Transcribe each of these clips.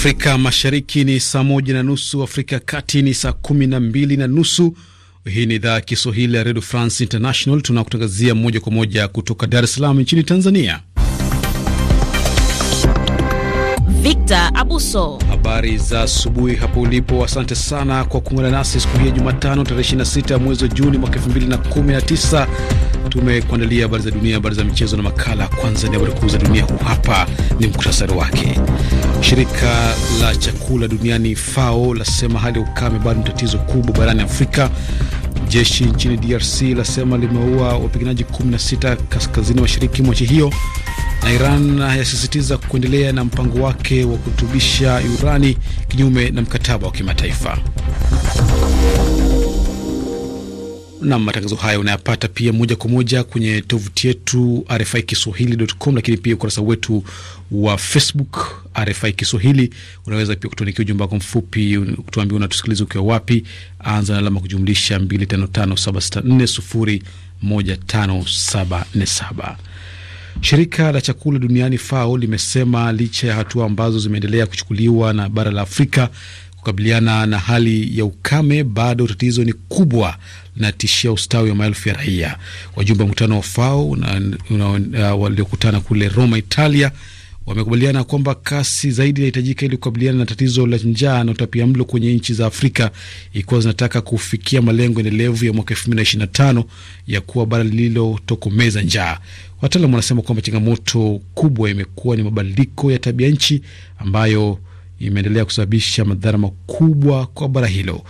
Afrika Mashariki ni saa moja na nusu, Afrika ya Kati ni saa kumi na mbili na nusu. Hii ni idhaa ya Kiswahili ya Redio France International, tunakutangazia moja kwa moja kutoka Dar es Salaam nchini Tanzania. Victor Abuso. Habari za asubuhi hapo ulipo, asante sana kwa kuungana nasi siku hii ya Jumatano tarehe 26 mwezi wa Juni mwaka 2019. Tumekuandalia habari za dunia, habari za michezo na makala. Kwanza ni habari kuu za dunia, huu hapa ni muktasari wake. Shirika la chakula duniani FAO lasema hali ya ukame bado ni tatizo kubwa barani Afrika Jeshi nchini DRC lasema limeua wapiganaji 16 kaskazini mashariki mwa nchi hiyo, na Iran yasisitiza kuendelea na mpango wake wa kurutubisha urani kinyume na mkataba wa kimataifa na matangazo hayo unayapata pia moja kwa moja kwenye tovuti yetu RFI Kiswahili.com, lakini pia ukurasa wetu wa Facebook RFI Kiswahili. Unaweza pia kutuandikia ujumbe wako mfupi, kutuambia unatusikiliza ukiwa wapi. Anza na alama kujumlisha 255764015747. Shirika la chakula duniani FAO limesema licha ya hatua ambazo zimeendelea kuchukuliwa na bara la Afrika kukabiliana na hali ya ukame, bado tatizo ni kubwa, linatishia ustawi wa maelfu ya raia. Wajumbe wa mkutano wa FAO waliokutana kule Roma, Italia, wamekubaliana kwamba kasi zaidi inahitajika ili kukabiliana na tatizo la njaa na utapia mlo kwenye nchi za Afrika ikiwa zinataka kufikia malengo endelevu ya mwaka tano ya kuwa bara lililotokomeza njaa. Wataalam wanasema kwamba changamoto kubwa imekuwa ni mabadiliko ya tabia nchi ambayo imeendelea kusababisha madhara makubwa kwa bara hilo.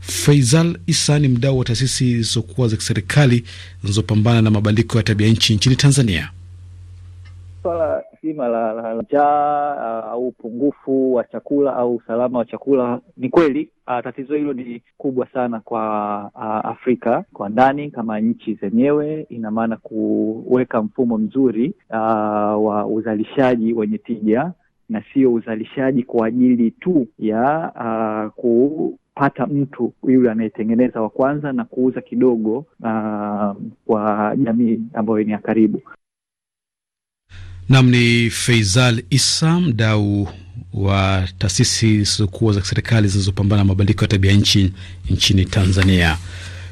Faisal Isa ni mdau wa taasisi zilizokuwa za kiserikali zinazopambana na mabadiliko ya tabia nchi nchini Tanzania. Swala zima la njaa au upungufu wa chakula au usalama wa chakula, ni kweli ah, tatizo hilo ni kubwa sana kwa a, ah, Afrika kwa ndani kama nchi zenyewe. Ina maana kuweka mfumo mzuri a, ah, wa uzalishaji wenye tija na sio uzalishaji kwa ajili tu ya uh, kupata mtu yule anayetengeneza wa kwanza na kuuza kidogo uh, kwa jamii ambayo ni ya karibu. Nam ni Feizal Isa, mdau wa taasisi zisizokuwa za kiserikali zinazopambana na mabadiliko ya tabia nchi nchini Tanzania.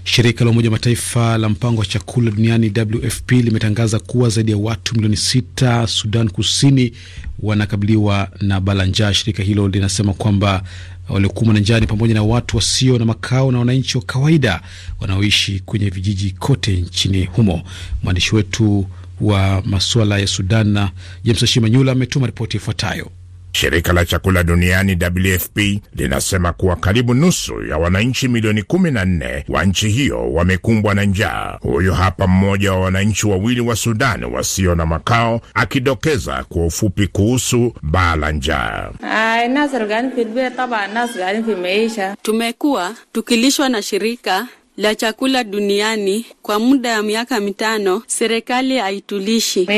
Shirika la Umoja Mataifa la mpango wa chakula duniani WFP limetangaza kuwa zaidi ya watu milioni sita Sudan Kusini wanakabiliwa na bala njaa. Shirika hilo linasema kwamba waliokumbwa na njaa ni pamoja na watu wasio na makao na wananchi wa kawaida wanaoishi kwenye vijiji kote nchini humo. Mwandishi wetu wa masuala ya Sudan James Shimanyula ametuma ripoti ifuatayo. Shirika la chakula duniani WFP linasema kuwa karibu nusu ya wananchi milioni 14 wa nchi hiyo wamekumbwa na njaa. Huyu hapa mmoja wa wananchi wawili wa Sudan wasio na makao akidokeza kwa ufupi kuhusu baa la njaa. Tumekuwa tukilishwa na shirika la chakula duniani kwa muda ya miaka mitano, serikali haitulishi.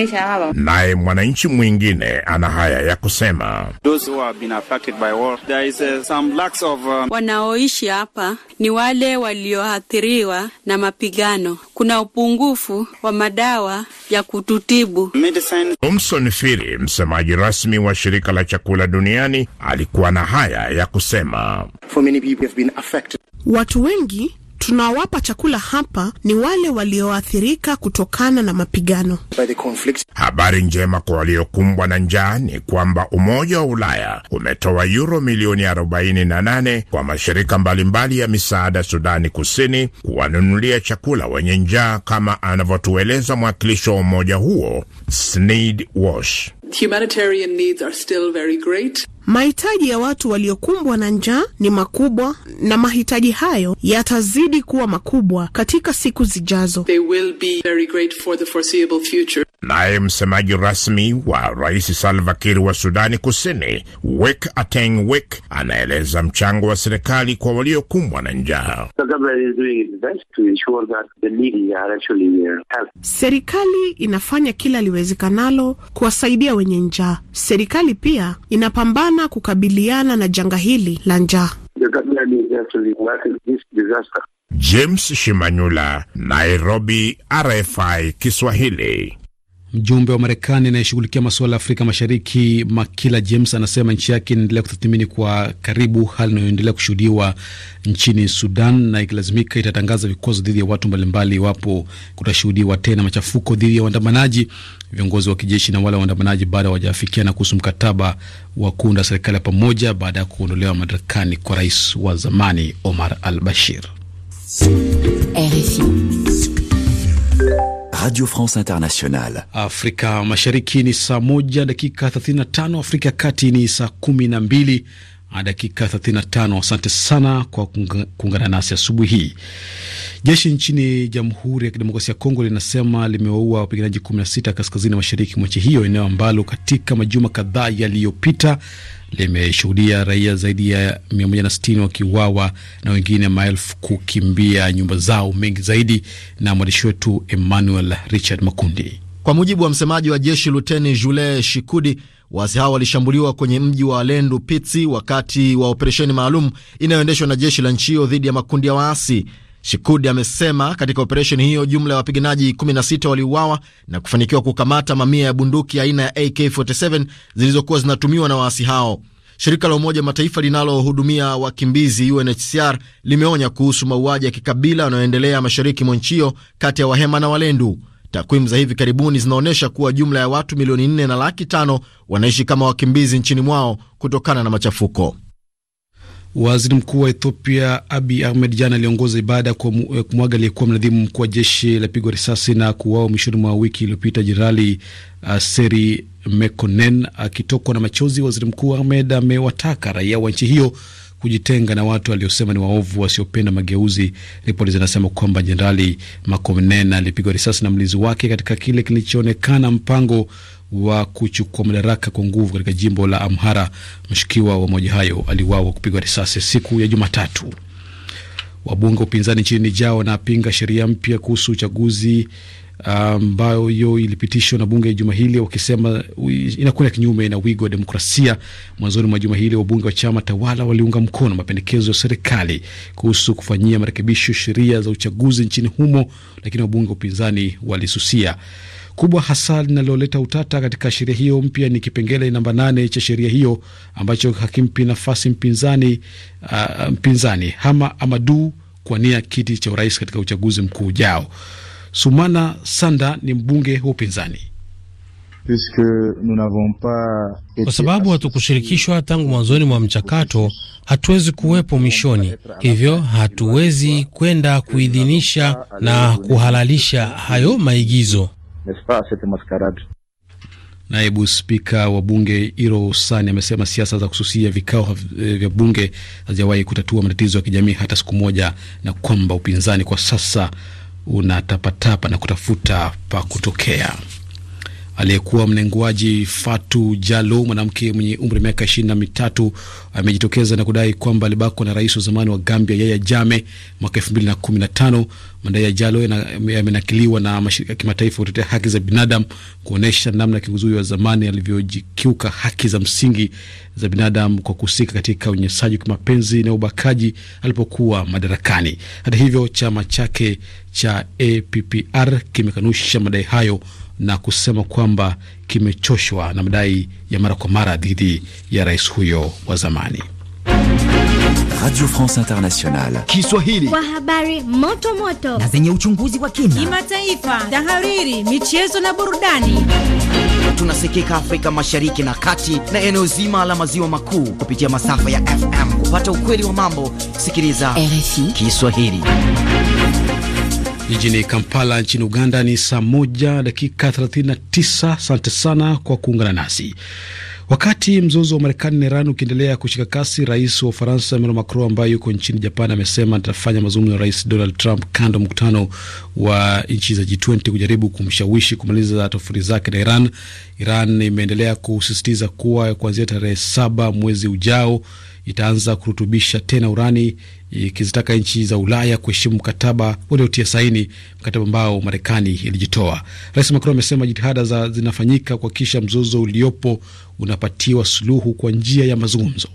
Naye mwananchi mwingine ana haya ya kusema: Those who have been affected by war, there is uh, some lacks of, um... wanaoishi hapa ni wale walioathiriwa na mapigano. Kuna upungufu wa madawa ya kututibu. Thomson Firi, msemaji rasmi wa shirika la chakula duniani, alikuwa na haya ya kusema: For many people have been affected. Watu wengi tunawapa chakula hapa ni wale walioathirika kutokana na mapigano. Habari njema kwa waliokumbwa na njaa ni kwamba Umoja wa Ulaya umetoa yuro milioni 48 kwa mashirika mbalimbali mbali ya misaada Sudani Kusini kuwanunulia chakula wenye njaa, kama anavyotueleza mwakilishi wa umoja huo Sneed Humanitarian needs are still very great. Mahitaji ya watu waliokumbwa na njaa ni makubwa na mahitaji hayo yatazidi kuwa makubwa katika siku zijazo. Naye msemaji rasmi wa Rais Salva Kiir wa Sudani Kusini, Wik Ateng Wik, anaeleza mchango wa serikali kwa waliokumbwa na njaa. Uh, serikali inafanya kila liwezekanalo kuwasaidia wenye njaa. Serikali pia inapambana sana kukabiliana na janga hili la njaa. James Shimanyula, Nairobi, RFI Kiswahili. Mjumbe wa Marekani anayeshughulikia masuala ya Afrika Mashariki Makila James anasema nchi yake inaendelea kutathmini kwa karibu hali inayoendelea kushuhudiwa nchini Sudan na ikilazimika itatangaza vikwazo dhidi ya watu mbalimbali iwapo kutashuhudiwa tena machafuko dhidi ya waandamanaji. Viongozi wa kijeshi na wale waandamanaji bado hawajafikiana kuhusu mkataba wa kuunda serikali ya pamoja baada ya kuondolewa madarakani kwa rais wa zamani Omar al Bashir. RFI. Radio France Internationale. Afrika Mashariki ni saa moja dakika 35, Afrika ya Kati ni saa kumi na mbili na dakika 35. Asante sana kwa kuungana nasi asubuhi hii. Jeshi nchini Jamhuri ya Kidemokrasia ya Kongo linasema limewaua wapiganaji 16 kaskazini mashariki mwa nchi hiyo, eneo ambalo katika majuma kadhaa yaliyopita limeshuhudia raia zaidi ya 160 wakiuawa na wengine maelfu kukimbia nyumba zao. Mengi zaidi na mwandishi wetu Emmanuel Richard Makundi. Kwa mujibu wa msemaji wa jeshi Luteni Jule Shikudi, waasi hao walishambuliwa kwenye mji wa Lendu Pitsi wakati wa operesheni maalum inayoendeshwa na jeshi la nchi hiyo dhidi ya makundi ya waasi. Shikudi amesema katika operesheni hiyo jumla ya wapiganaji 16 waliuawa na kufanikiwa kukamata mamia ya bunduki aina ya AK47 zilizokuwa zinatumiwa na waasi hao. Shirika la Umoja Mataifa linalohudumia wakimbizi UNHCR limeonya kuhusu mauaji ya kikabila yanayoendelea mashariki mwa nchi hiyo kati ya Wahema na Walendu. Takwimu za hivi karibuni zinaonyesha kuwa jumla ya watu milioni 4 na laki 5 wanaishi kama wakimbizi nchini mwao kutokana na machafuko. Waziri mkuu wa Ethiopia Abi Ahmed jana aliongoza ibada kwa eh, kumwaga aliyekuwa mnadhimu mkuu wa jeshi la pigwa risasi na kuuawa mwishoni mwa wiki iliyopita Jenerali uh, eh, Seri Mekonen. Akitokwa na machozi, waziri mkuu Ahmed amewataka raia wa nchi hiyo kujitenga na watu waliosema ni waovu wasiopenda mageuzi. Ripoti zinasema kwamba jenerali Mekonnen alipigwa risasi na mlinzi wake katika kile kilichoonekana mpango wa kuchukua madaraka kwa nguvu katika jimbo la Amhara. Mshukiwa wa mauaji hayo aliwawa kupigwa risasi siku ya Jumatatu. Wabunge wa upinzani nchini Nija wanapinga sheria mpya kuhusu uchaguzi ambayo um, hiyo ilipitishwa na bunge juma hili, wakisema inakwenda kinyume na wigo wa demokrasia. Mwanzoni mwa juma hili wabunge wa chama tawala waliunga mkono mapendekezo ya serikali kuhusu kufanyia marekebisho sheria za uchaguzi nchini humo, lakini wabunge wa upinzani walisusia. Kubwa hasa linaloleta utata katika sheria hiyo mpya ni kipengele namba nane cha sheria hiyo ambacho hakimpi nafasi mpinzani, uh, mpinzani Hama Amadu kuwania kiti cha urais katika uchaguzi mkuu ujao. Sumana Sanda ni mbunge wa upinzani. Kwa sababu hatukushirikishwa tangu mwanzoni mwa mchakato, hatuwezi kuwepo mwishoni, hivyo hatuwezi kwenda kuidhinisha na kuhalalisha hayo maigizo n'est-ce pas, cette mascarade. Naibu spika wa bunge Iro Sani amesema siasa za kususia vikao eh, vya bunge hazijawahi kutatua matatizo ya kijamii hata siku moja, na kwamba upinzani kwa sasa unatapatapa na kutafuta pa kutokea aliyekuwa mnenguaji Fatu Jalo, mwanamke mwenye umri wa miaka ishirini na mitatu, amejitokeza na kudai kwamba alibakwa na rais wa zamani wa Gambia Yaya Jame mwaka elfu mbili na kumi na tano. Madai ya Jalo yamenakiliwa na mashirika ya kimataifa kutetea haki za binadamu kuonyesha namna kiongozi huyo wa zamani alivyojikiuka haki za msingi za binadamu kwa kuhusika katika unyanyasaji wa kimapenzi na ubakaji alipokuwa madarakani. Hata hivyo, chama chake cha APPR kimekanusha madai hayo na kusema kwamba kimechoshwa na madai ya mara kwa mara dhidi ya rais huyo wa zamani. Radio France Internationale Kiswahili, kwa habari moto moto na zenye uchunguzi wa kina, kimataifa, tahariri, michezo na burudani. Tunasikika Afrika Mashariki na Kati na eneo zima la maziwa makuu kupitia masafa ya FM. Kupata ukweli wa mambo, sikiliza RFI Kiswahili. Jijini Kampala nchini Uganda ni saa moja dakika 39. Asante sana kwa kuungana nasi. Wakati mzozo wa Marekani na Iran ukiendelea kushika kasi, rais wa Ufaransa Emmanuel Macron ambaye yuko nchini Japan amesema atafanya mazungumzo na rais Donald Trump kando mkutano wa nchi za G20 kujaribu kumshawishi kumaliza tofauti zake na Iran. Iran imeendelea kusisitiza kuwa kuanzia tarehe saba mwezi ujao itaanza kurutubisha tena urani ikizitaka nchi za Ulaya kuheshimu mkataba waliotia saini, mkataba ambao Marekani ilijitoa. Rais Macron amesema jitihada za zinafanyika kuhakikisha mzozo uliopo unapatiwa suluhu kwa njia ya mazungumzo.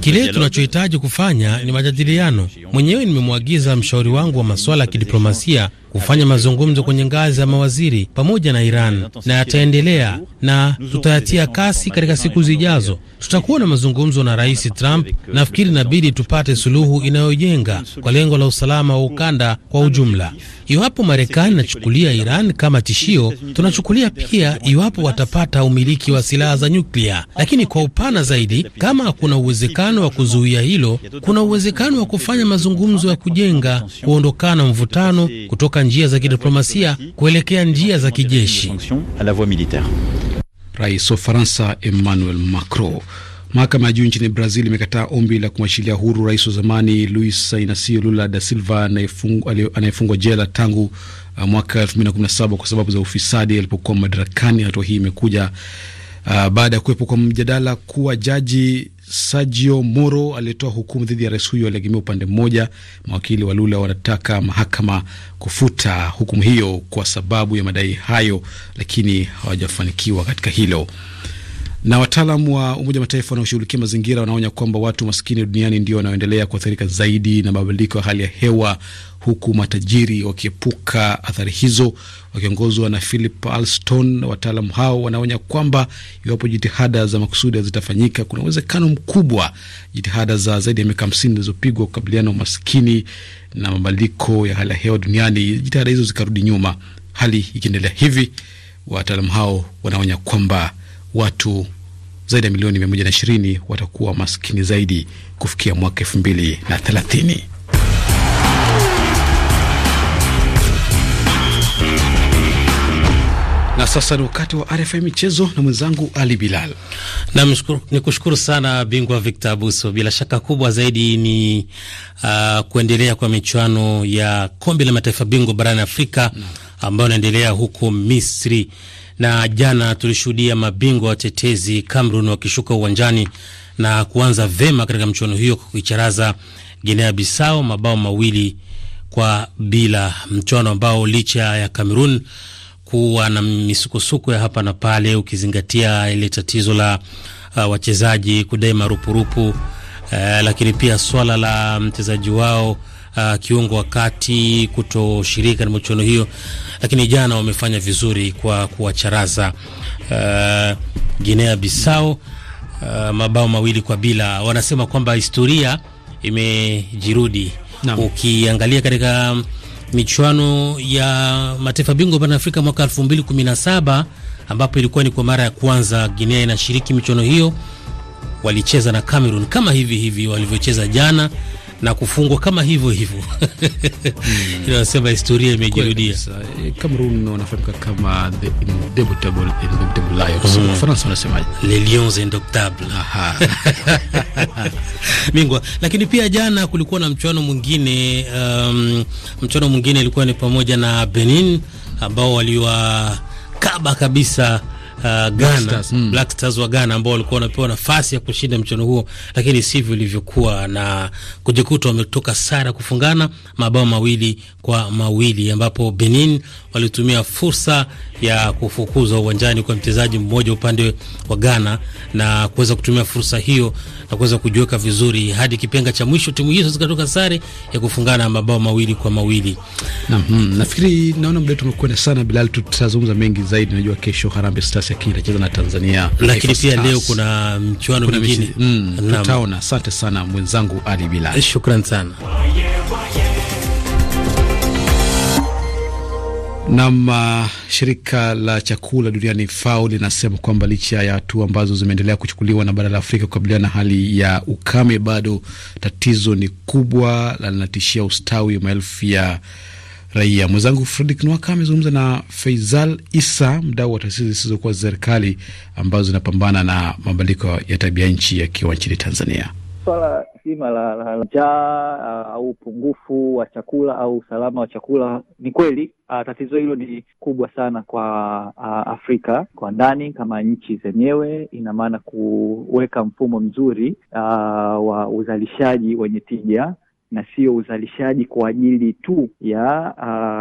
Kile tunachohitaji kufanya ni majadiliano. Mwenyewe nimemwagiza mshauri wangu wa masuala ya kidiplomasia kufanya mazungumzo kwenye ngazi ya mawaziri pamoja na Iran na yataendelea na tutayatia kasi katika siku zijazo. Tutakuwa na mazungumzo na Rais Trump. Nafikiri inabidi tupate suluhu inayojenga kwa lengo la usalama wa ukanda kwa ujumla. Iwapo Marekani inachukulia Iran kama tishio, tunachukulia pia iwapo watapata umiliki wa silaha za nyuklia. Lakini kwa upana zaidi, kama kuna uwezekano wa kuzuia hilo, kuna uwezekano wa kufanya mazungumzo ya kujenga, kuondokana mvutano kutoka kutoka njia za kidiplomasia kuelekea njia za kijeshi. Rais wa Faransa Emmanuel Macron. Mahakama ya juu nchini Brazil imekataa ombi la kumwachilia huru rais wa zamani Luis Inacio Lula da Silva anayefungwa jela tangu uh, mwaka 2017 kwa sababu za ufisadi alipokuwa madarakani. Hatua hii imekuja uh, baada ya kuwepo kwa mjadala kuwa jaji Sergio Moro aliyetoa hukumu dhidi ya rais huyo aliegemea upande mmoja. Mawakili wa Lula wanataka mahakama kufuta hukumu hiyo kwa sababu ya madai hayo, lakini hawajafanikiwa katika hilo. Na wataalam wa Umoja wa Mataifa wanaoshughulikia mazingira wanaonya kwamba watu maskini duniani ndio wanaoendelea kuathirika zaidi na mabadiliko ya hali ya hewa, huku matajiri wakiepuka athari hizo. Wakiongozwa na Philip Alston, wataalam hao wanaonya kwamba iwapo jitihada za makusudi hazitafanyika, kuna uwezekano mkubwa jitihada za zaidi ya miaka hamsini zilizopigwa kukabiliana na umaskini na mabadiliko ya hali ya hewa duniani, jitihada hizo zikarudi nyuma. Hali ikiendelea hivi, wataalam hao wanaonya kwamba watu zaidi ya milioni 120 watakuwa maskini zaidi kufikia mwaka 2030. Na sasa ni wakati wa RFI michezo na mwenzangu Ali Bilal. ni kushukuru sana bingwa Victor Abuso. Bila shaka kubwa zaidi ni uh, kuendelea kwa michuano ya kombe la mataifa bingwa barani Afrika ambayo inaendelea huko Misri na jana tulishuhudia mabingwa watetezi Cameroon wakishuka uwanjani na kuanza vema katika mchuano hiyo kwa kuicharaza Guinea Bissau mabao mawili kwa bila, mchuano ambao licha ya Cameroon kuwa na misukosuko ya hapa na pale, ukizingatia ile tatizo la uh, wachezaji kudai marupurupu uh, lakini pia swala la mchezaji wao uh, kiungo wakati kutoshiriki katika michuano hiyo, lakini jana wamefanya vizuri kwa kuwacharaza uh, Guinea Bissau uh, mabao mawili kwa bila. Wanasema kwamba historia imejirudi. Ukiangalia katika michuano ya mataifa bingwa barani Afrika mwaka 2017 ambapo ilikuwa ni kwa mara ya kwanza Guinea inashiriki michuano hiyo, walicheza na Cameroon kama hivi hivi walivyocheza jana na kufungwa kama hivyo hivyo mm. Inasema historia imejirudia. Eh, Cameroon wanafahamika kama the indomitable indomitable lions. Mm. France wanasema Les lions indomptables. Mingwa, lakini pia jana kulikuwa na mchuano mwingine um, mchuano mwingine ilikuwa ni pamoja na Benin ambao waliwakaba kabisa uh, Ghana Black Stars, mm. Black Stars wa Ghana ambao walikuwa wanapewa nafasi ya kushinda mchuano huo, lakini sivyo ilivyokuwa na kujikuta wametoka sara kufungana mabao mawili kwa mawili ambapo Benin walitumia fursa ya kufukuzwa uwanjani kwa mchezaji mmoja upande wa Ghana na kuweza kutumia fursa hiyo na kuweza kujiweka vizuri hadi kipenga cha mwisho, timu hizo zikatoka sare ya kufungana mabao mawili kwa mawili. Naam, hmm. nafikiri naona muda wetu umekwenda sana, Bilal, tutazungumza mengi zaidi, najua kesho Harambee Stars lakini inacheza na Tanzania, lakini pia leo kuna mchuano mwingine mm, tutaona. Asante sana mwenzangu Ali Bila, eh, shukran sana. Nam, uh, shirika la chakula duniani FAO linasema kwamba licha ya hatua ambazo zimeendelea kuchukuliwa na bara la Afrika kukabiliana na hali ya ukame, bado tatizo ni kubwa na linatishia ustawi maelfu ya raia. Mwenzangu Fredrick Nwaka amezungumza na Faisal Isa, mdau wa taasisi zisizokuwa za serikali ambazo zinapambana na mabadiliko ya tabia nchi yakiwa nchini Tanzania. Swala zima la njaa uh, au upungufu wa chakula au usalama wa chakula, ni kweli uh, tatizo hilo ni kubwa sana kwa a, uh, Afrika kwa ndani kama nchi zenyewe. Ina maana kuweka mfumo mzuri a, wa uzalishaji wenye tija na sio uzalishaji kwa ajili tu ya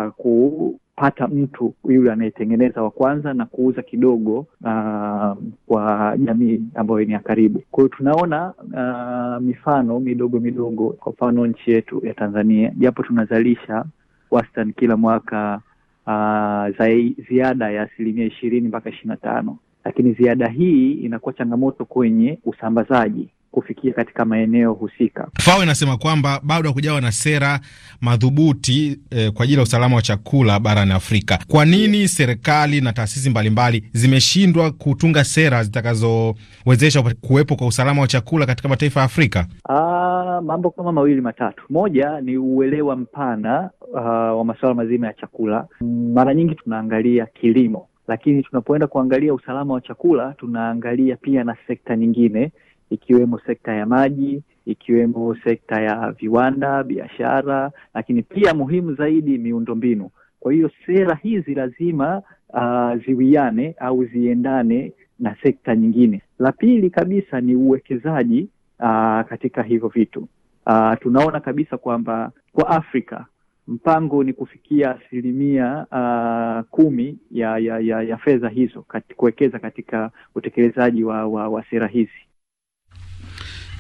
uh, ku pata mtu yule anayetengeneza wa kwanza na kuuza kidogo uh, kwa jamii ambayo ni ya karibu. Kwa hiyo tunaona uh, mifano midogo midogo, kwa mfano nchi yetu ya Tanzania, japo tunazalisha wastani kila mwaka uh, zai, ziada ya asilimia ishirini mpaka ishirini na tano, lakini ziada hii inakuwa changamoto kwenye usambazaji kufikia katika maeneo husika. FAO inasema kwamba bado hakujawa na sera madhubuti eh, kwa ajili ya usalama wa chakula barani Afrika. Kwa nini serikali na taasisi mbalimbali zimeshindwa kutunga sera zitakazowezesha kuwepo kwa usalama wa chakula katika mataifa ya Afrika? Aa, ah, mambo kama mawili matatu. Moja ni uelewa mpana uh, wa masuala mazima ya chakula. Mara nyingi tunaangalia kilimo, lakini tunapoenda kuangalia usalama wa chakula tunaangalia pia na sekta nyingine ikiwemo sekta ya maji, ikiwemo sekta ya viwanda, biashara, lakini pia muhimu zaidi miundombinu. Kwa hiyo sera hizi lazima uh, ziwiane au ziendane na sekta nyingine. La pili kabisa ni uwekezaji uh, katika hivyo vitu uh, tunaona kabisa kwamba kwa Afrika mpango ni kufikia asilimia uh, kumi ya, ya, ya, ya fedha hizo kat, kuwekeza katika utekelezaji wa, wa, wa sera hizi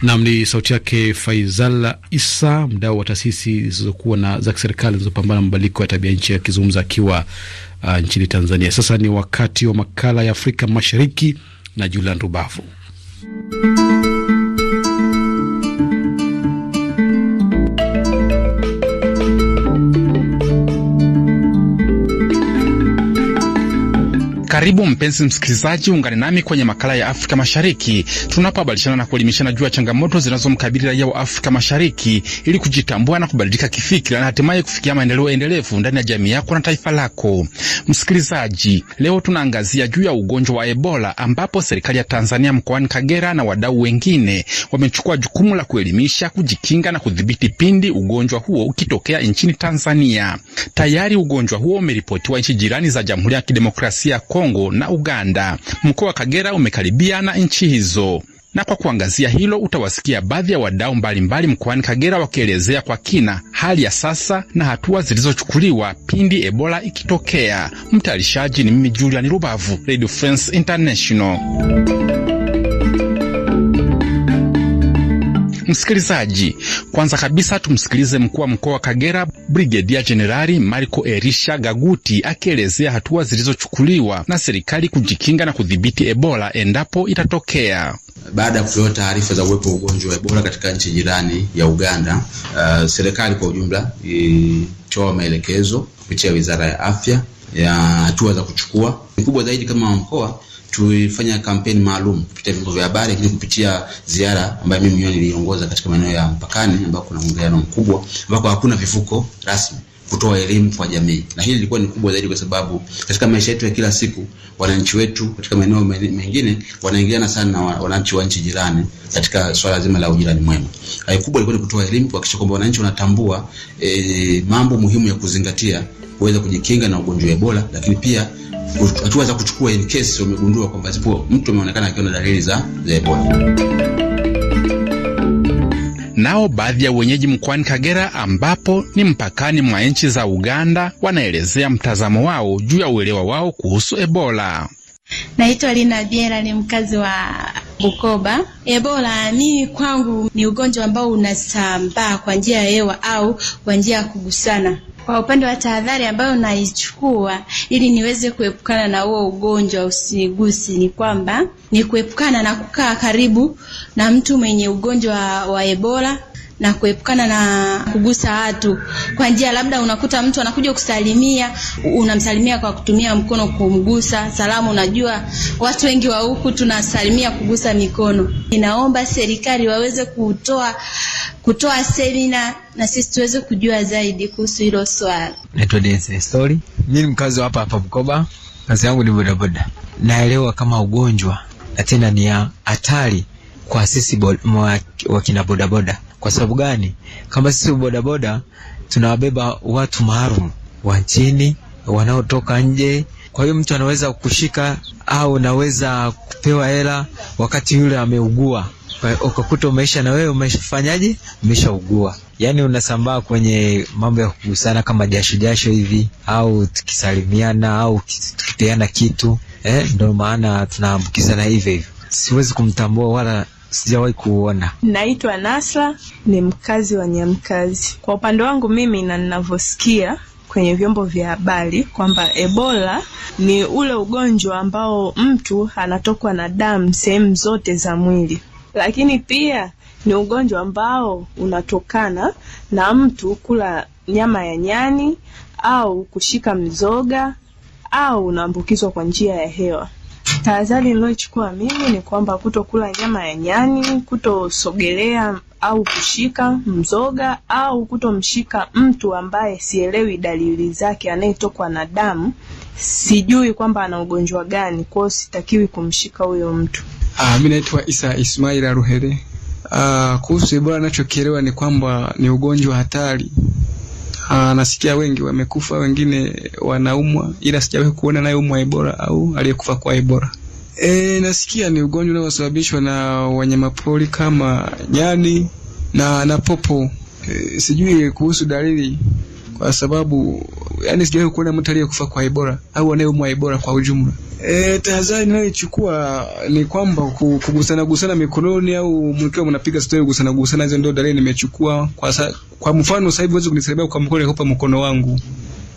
Nam ni sauti yake Faizal Isa, mdau wa taasisi zilizokuwa na za kiserikali zinazopambana mabadiliko ya tabia nchi, akizungumza akiwa uh, nchini Tanzania. Sasa ni wakati wa makala ya Afrika Mashariki na Julian Rubavu. Karibu mpenzi msikilizaji, ungane nami kwenye makala ya Afrika Mashariki tunapobadilishana na kuelimishana juu ya changamoto zinazomkabili raia wa Afrika Mashariki ili kujitambua na kubadilika kifikira na hatimaye kufikia maendeleo endelevu ndani ya jamii yako na taifa lako. Msikilizaji, leo tunaangazia juu ya ugonjwa wa Ebola ambapo serikali ya Tanzania mkoani Kagera na wadau wengine wamechukua jukumu la kuelimisha, kujikinga na kudhibiti pindi ugonjwa huo ukitokea nchini Tanzania. Tayari ugonjwa huo umeripotiwa nchi jirani za Jamhuri ya Kidemokrasia ya Kongo Kongo na Uganda. Mkoa wa Kagera umekaribiana nchi hizo na kwa kuangazia hilo utawasikia baadhi ya wadau mbalimbali mkoani Kagera wakielezea kwa kina hali ya sasa na hatua zilizochukuliwa pindi Ebola ikitokea. Mtayarishaji ni mimi Julian Rubavu, Radio France International. Msikilizaji, kwanza kabisa tumsikilize mkuu wa mkoa wa Kagera Brigedia Jenerali Marco erisha Gaguti akielezea hatua zilizochukuliwa na serikali kujikinga na kudhibiti Ebola endapo itatokea. Baada ya kutoa taarifa za uwepo wa ugonjwa wa Ebola katika nchi jirani ya Uganda, uh, serikali kwa ujumla itoa maelekezo kupitia Wizara ya Afya ya hatua za kuchukua. kubwa zaidi kama mkoa tulifanya kampeni maalum kupitia vyombo vya habari, lakini kupitia ziara ambayo mimi mwenyewe niliongoza katika maeneo ya mpakani, ambayo kuna mwingiliano mkubwa, ambako hakuna vivuko rasmi kutoa elimu kwa jamii, na hili lilikuwa ni kubwa zaidi, kwa sababu katika maisha yetu ya kila siku wananchi wetu katika maeneo mengine wanaingiliana sana na wananchi wa nchi jirani katika swala zima la ujirani mwema. Kubwa ilikuwa ni kutoa elimu, kuhakikisha kwamba wananchi wanatambua e, mambo muhimu ya kuzingatia kuweza kujikinga na ugonjwa wa Ebola, lakini pia hatua za kuchukua in case wamegundua kwamba zipo mtu ameonekana akiwa na dalili za Ebola. Nao baadhi ya wenyeji mkoani Kagera, ambapo ni mpakani mwa nchi za Uganda, wanaelezea mtazamo wao juu ya uelewa wao kuhusu Ebola. Naitwa Lina Biera, ni mkazi wa Bukoba. Ebola mimi kwangu ni ugonjwa ambao unasambaa kwa njia ya hewa au kwa njia ya kugusana. Kwa upande wa tahadhari ambayo naichukua ili niweze kuepukana na huo ugonjwa usinigusi, ni kwamba ni kuepukana na kukaa karibu na mtu mwenye ugonjwa wa Ebola na kuepukana na kugusa watu kwa njia, labda unakuta mtu anakuja kusalimia, unamsalimia kwa kutumia mkono kumgusa. Salamu, unajua watu wengi wa huku tunasalimia kugusa mikono. Ninaomba serikali waweze kutoa kutoa semina na sisi tuweze kujua zaidi kuhusu hilo swala. Naitwa Denise Story, mimi ni mkazi hapa hapa Bukoba. Kazi yangu ni bodaboda. Naelewa kama ugonjwa na tena ni hatari kwa sisi wakina bodaboda. Kwa sababu gani? Kama sisi bodaboda tunawabeba watu maalum wa nchini wanaotoka nje. Kwa hiyo mtu anaweza kushika au naweza kupewa hela wakati yule ameugua, ukakuta umeisha na wewe umefanyaje? umeshaugua. Yaani unasambaa kwenye mambo ya kugusana kama jasho jasho hivi, au tukisalimiana au tukipeana kitu eh, ndio maana tunaambukizana hivyo hivyo. Siwezi kumtambua wala sijawahi kuona. Naitwa Nasra, ni mkazi wa Nyamkazi. Kwa upande wangu mimi na ninavyosikia kwenye vyombo vya habari kwamba Ebola ni ule ugonjwa ambao mtu anatokwa na damu sehemu zote za mwili, lakini pia ni ugonjwa ambao unatokana na mtu kula nyama ya nyani au kushika mzoga au unaambukizwa kwa njia ya hewa. Tahadhari niliyoichukua mimi ni kwamba kutokula nyama ya nyani, kutosogelea au kushika mzoga au kutomshika mtu ambaye sielewi dalili zake, anayetokwa na damu, sijui kwamba ana ugonjwa gani, kwa hiyo sitakiwi kumshika huyo mtu. Ah, mimi naitwa Isa Ismail Aruhere. Ah, kuhusu Ebola nachokielewa ni kwamba ni ugonjwa hatari Aa, ah, nasikia wengi wamekufa, wengine wanaumwa, ila sijawahi kuona umwa Ebola au aliyekufa kwa Ebola. E, nasikia ni ugonjwa unaosababishwa na wanyamapori kama nyani na na popo. E, sijui kuhusu dalili kwa sababu yani sijawahi kuona mtu aliyekufa kwa Ebola au anayeumwa Ebola kwa ujumla. E, tahadhari ninayochukua ni kwamba kugusana gusana mikononi au mkiwa mnapiga stori kugusana gusana, hizo ndio dalili nimechukua. Kwa, sa, kwa mfano sasa hivi huwezi kunisalimia kwa mkono hapa mkono wangu,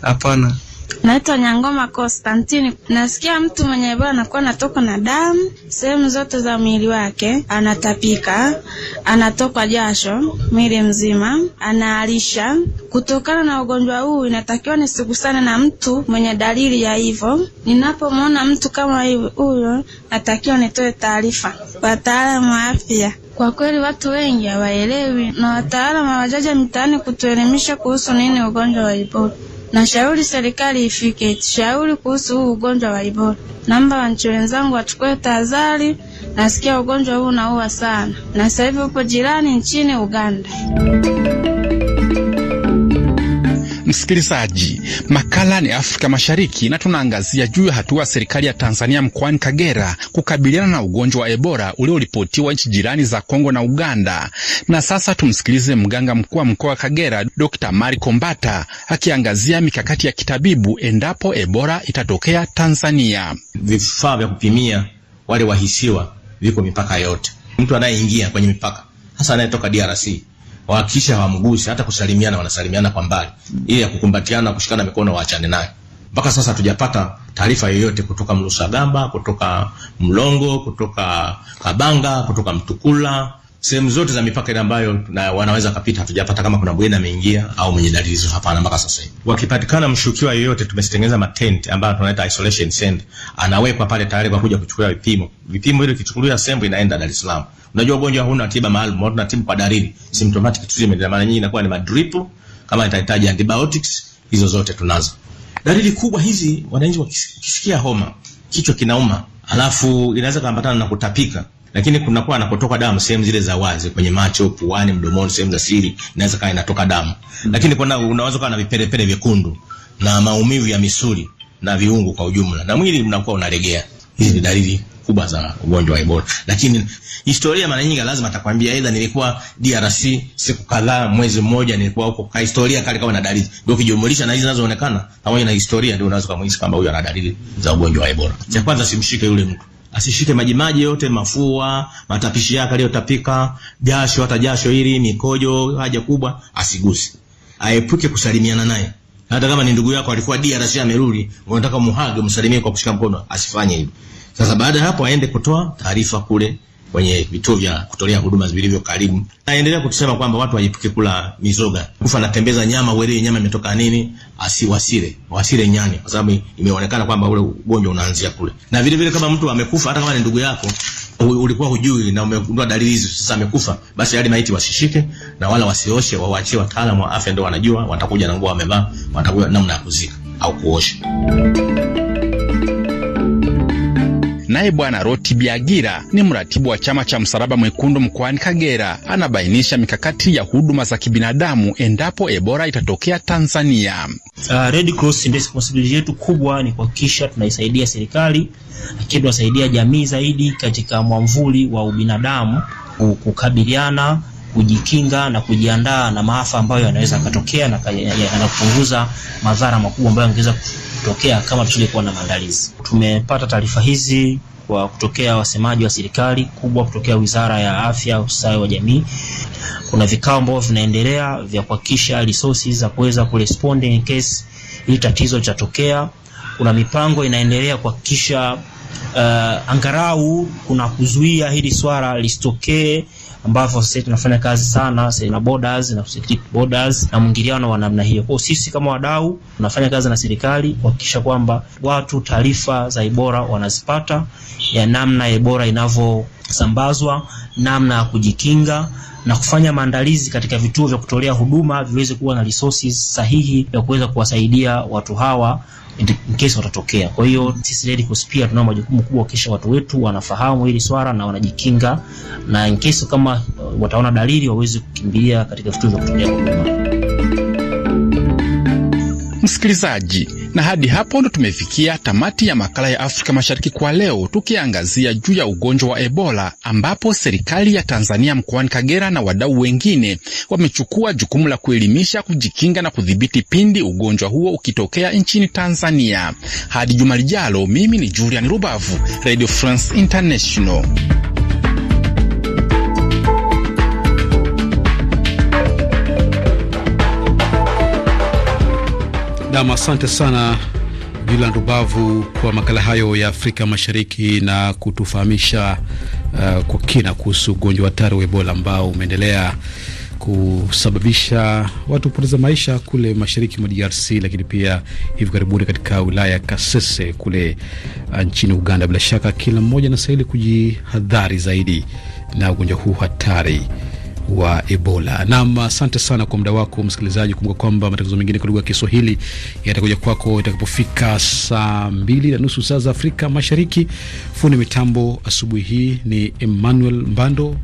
hapana. Naitwa Nyangoma Konstantini. Nasikia mtu mwenye Ebola anakuwa anatokwa na damu sehemu zote za mwili wake, anatapika, anatokwa jasho mwili mzima, anaalisha Kutokana na ugonjwa huu, inatakiwa nisigusane na mtu mwenye dalili ya hivyo. Ninapomwona mtu kama huyo, natakiwa nitoe taarifa wataalamu wa afya. Kwa kweli watu wengi hawaelewi na wataalamu hawajaja mitaani kutuelimisha kuhusu nini ugonjwa wa Ebola. Nashauri serikali ifike shauri kuhusu huu ugonjwa wa Ebola. Naomba wananchi wenzangu wachukue tahadhari. Nasikia ugonjwa huu unaua sana, na sasa hivi upo jirani nchini Uganda. Msikilizaji, makala ni Afrika Mashariki na tunaangazia juu ya hatua ya serikali ya Tanzania mkoani Kagera kukabiliana na ugonjwa wa Ebola ulioripotiwa nchi jirani za Kongo na Uganda. Na sasa tumsikilize mganga mkuu wa mkoa wa Kagera, Dr. Mari Kombata akiangazia mikakati ya kitabibu endapo Ebola itatokea Tanzania. Vifaa vya kupimia wale wahisiwa viko mipaka yote, mtu anayeingia kwenye mipaka hasa anayetoka DRC wakisha hawamgusi, hata kusalimiana wanasalimiana kwa mbali, ile ya kukumbatiana, kushikana mikono waachane naye. Mpaka sasa hatujapata taarifa yoyote kutoka Mlusagamba, kutoka Mlongo, kutoka Kabanga, kutoka Mtukula, sehemu zote za mipaka ile ambayo na wanaweza kapita, hatujapata kama kuna bwana ameingia au mwenye dalili hizo, hapana, mpaka sasa hivi. Wakipatikana mshukiwa yoyote, tumesitengeneza matent ambayo tunaita isolation send, anawekwa pale tayari kwa kuja kuchukua vipimo. Vipimo ile kichukuliwa sembo inaenda Dar es Salaam. Unajua ugonjwa hauna tiba maalum, watu tunatibu kwa dalili, symptomatic treatment, na maana nyingi inakuwa ni madrip, kama itahitaji antibiotics, hizo zote tunazo. Dalili kubwa hizi, wananchi wakisikia homa, kichwa kinauma, alafu inaweza kuambatana na kutapika, lakini kunakuwa anapotoka damu sehemu zile za wazi, kwenye macho, puani, mdomoni, sehemu za siri, inaweza kaa inatoka damu, hmm. lakini kuna unaweza kuwa na vipelepele vyekundu na maumivu ya misuli na viungo kwa ujumla, na mwili unakuwa unaregea. Hizi ni dalili kubwa za ugonjwa wa Ebola. Lakini historia mara nyingi lazima atakwambia, aidha nilikuwa DRC siku kadhaa, mwezi mmoja nilikuwa huko, kwa historia kale kama na dalili, ndio kijumlisha na hizi zinazoonekana pamoja na historia, ndio unaweza kumhisi kwamba huyu ana dalili za ugonjwa wa Ebola. Cha kwanza, simshike yule mtu asishike maji maji yote, mafua, matapishi yake aliyotapika, jasho, hata jasho hili, mikojo, haja kubwa, asiguse. Aepuke kusalimiana naye hata kama ni ndugu yako alikuwa DRC amerudi, unataka muhage, msalimie kwa kushika mkono, asifanye hivyo. Sasa baada ya hapo aende kutoa taarifa kule kwenye vituo vya kutolea huduma vilivyo karibu. Naendelea kutusema kwamba watu wajipuke kula mizoga. Mtu anatembeza nyama, uelewe nyama imetoka nini, asiwasile, wasile nyani kwa sababu imeonekana kwamba ule ugonjwa unaanzia kule. Na vile vile kama mtu amekufa hata kama ni ndugu yako ulikuwa hujui na umegundua dalili hizi, sasa amekufa, basi hadi maiti wasishike na wala wasioshe, wawaachie wataalamu wa afya, ndio wanajua, watakuja na nguo wamevaa, watakuja namna ya kuzika au kuosha. Naye Bwana roti biagira ni mratibu wa chama cha Msalaba Mwekundu mkoani Kagera, anabainisha mikakati ya huduma za kibinadamu endapo Ebola itatokea Tanzania. Uh, Red Cross responsibility yetu kubwa ni kuhakikisha tunaisaidia serikali, lakini tunasaidia jamii zaidi katika mwamvuli wa ubinadamu kukabiliana kujikinga na kujiandaa na maafa ambayo yanaweza katokea na yanapunguza madhara makubwa ambayo yangeweza kutokea kama tulikuwa na maandalizi. Tumepata taarifa hizi kwa kutokea wasemaji wa serikali kubwa, kutokea Wizara ya Afya, Ustawi wa Jamii. Kuna vikao ambavyo vinaendelea vya kuhakikisha resources za kuweza kurespond in case hili tatizo litatokea. Kuna mipango inaendelea kuhakikisha uh, angarau kuna kuzuia hili swala lisitokee ambavyo sisi tunafanya kazi sana sisi na borders na security borders na mwingiliano wa namna hiyo. Kwa sisi kama wadau tunafanya kazi na serikali kuhakikisha kwamba watu taarifa za Ebola wanazipata, ya namna Ebola inavyosambazwa, namna ya kujikinga na kufanya maandalizi katika vituo vya kutolea huduma viweze kuwa na resources sahihi ya kuweza kuwasaidia watu hawa in case watatokea. Kwa hiyo sisi Red Cross pia tunao majukumu kubwa, kisha watu wetu wanafahamu hili swala na wanajikinga, na in case kama uh, wataona dalili waweze kukimbilia katika vituo vya kutolea huduma msikilizaji, na hadi hapo ndo tumefikia tamati ya makala ya Afrika Mashariki kwa leo, tukiangazia juu ya ugonjwa wa Ebola, ambapo serikali ya Tanzania mkoani Kagera na wadau wengine wamechukua jukumu la kuelimisha, kujikinga na kudhibiti pindi ugonjwa huo ukitokea nchini Tanzania. Hadi juma lijalo, mimi ni Julian Rubavu, Radio France International. Nam, asante sana Julan Rubavu kwa makala hayo ya Afrika Mashariki na kutufahamisha uh, kwa kina kuhusu ugonjwa hatari wa Ebola ambao umeendelea kusababisha watu kupoteza maisha kule mashariki mwa DRC, lakini pia hivi karibuni katika wilaya ya Kasese kule uh, nchini Uganda. Bila shaka kila mmoja anastahili kujihadhari zaidi na ugonjwa huu hatari wa Ebola. Naam, asante sana kwa muda wako msikilizaji. Kumbuka kwamba matangazo mengine kwa lugha ya Kiswahili yatakuja kwako itakapofika saa mbili na nusu saa za Afrika Mashariki. Fundi mitambo asubuhi hii ni Emmanuel Mbando,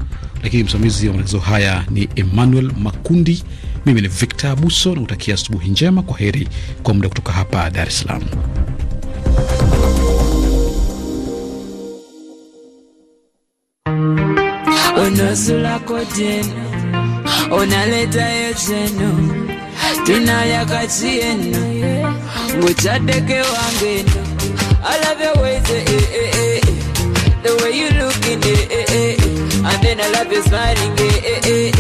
lakini msimamizi wa matangazo haya ni Emmanuel Makundi. Mimi ni Victor Abuso na kutakia asubuhi njema. Kwa heri kwa muda kutoka hapa Dar es Salaam. unosula kodeno onaletayo zeno tunayakati eno nguchaddeke wange eno eh, eh, eh. The way you looking, eh, eh, eh. and then I love smiling, eh, eh, eh.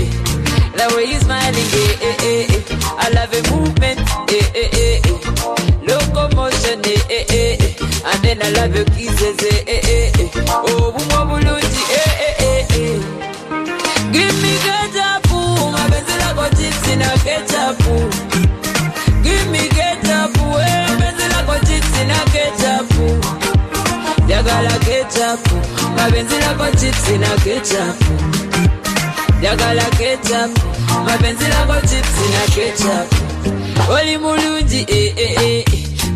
The way you smiling, eh, eh, eh. I love your movement, eh, eh, eh. locomotion, eh, eh, eh. and then I love your kisses, eh, eh, eh. oh. Ndagala ketchup Mapenzi lako chips na ketchup Ndagala ketchup Mapenzi lako chips na ketchup Oli mulungi eh eh eh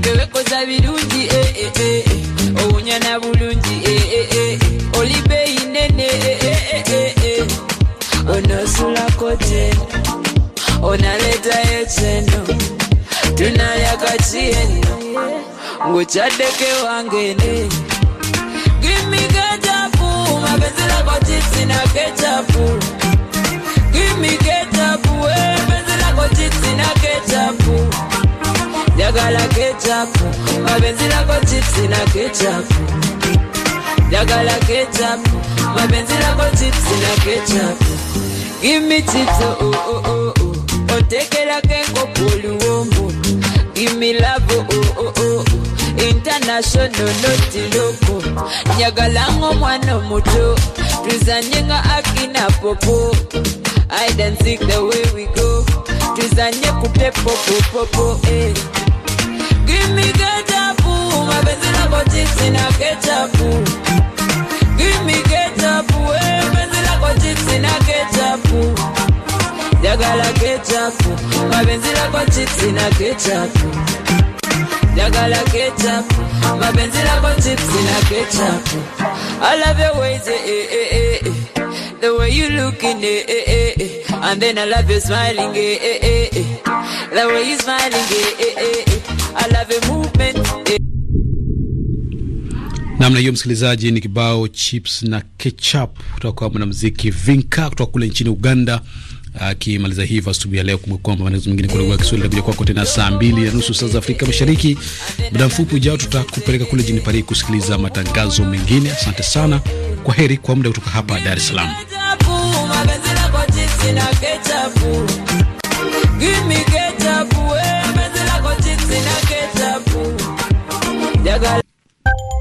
Bewekoza birungi eh eh eh Owunyana bulungi eh eh eh Oli beyi nene eh eh eh eh Onosulako tena Onaleta echeno Tunalya kachieno Ngochaddeke wange Jagala ketchup, mapenzi lako chips na ketchup. Give me love, oh oh oh oh international noti loko njagala mwana muto tuzanye nga akina popo hide and seek the way we go tuzanye kupe popopopo eh. gimi getapu mapenzi lako chipsi na kechapu gimi kechapu eh, penzi lako chipsi na kechapu jagala kechapu mapenzi lako chipsi na kechapu njagala ketchup mapenzi lako chips na ketchup I love your ways eh, eh, eh, eh. eh. the way you looking eh, eh, eh, eh. and then I love your smiling eh, eh, eh, eh. the way you smiling eh, eh, eh, eh. I love your movement eh. Namna hiyo msikilizaji, ni kibao chips na ketchup kutoka kwa mwanamuziki Vinka kutoka kule nchini Uganda akimaliza hivyo asubuhi ya leo. Kumekuwa matangazo mengine kwa lugha ya Kiswahili yatakuja kwako tena saa mbili na nusu saa za Afrika Mashariki. Muda mfupi ujao, tutakupeleka kule jini Paris kusikiliza matangazo mengine. Asante sana, kwa heri kwa muda kutoka hapa Dar es Salaam.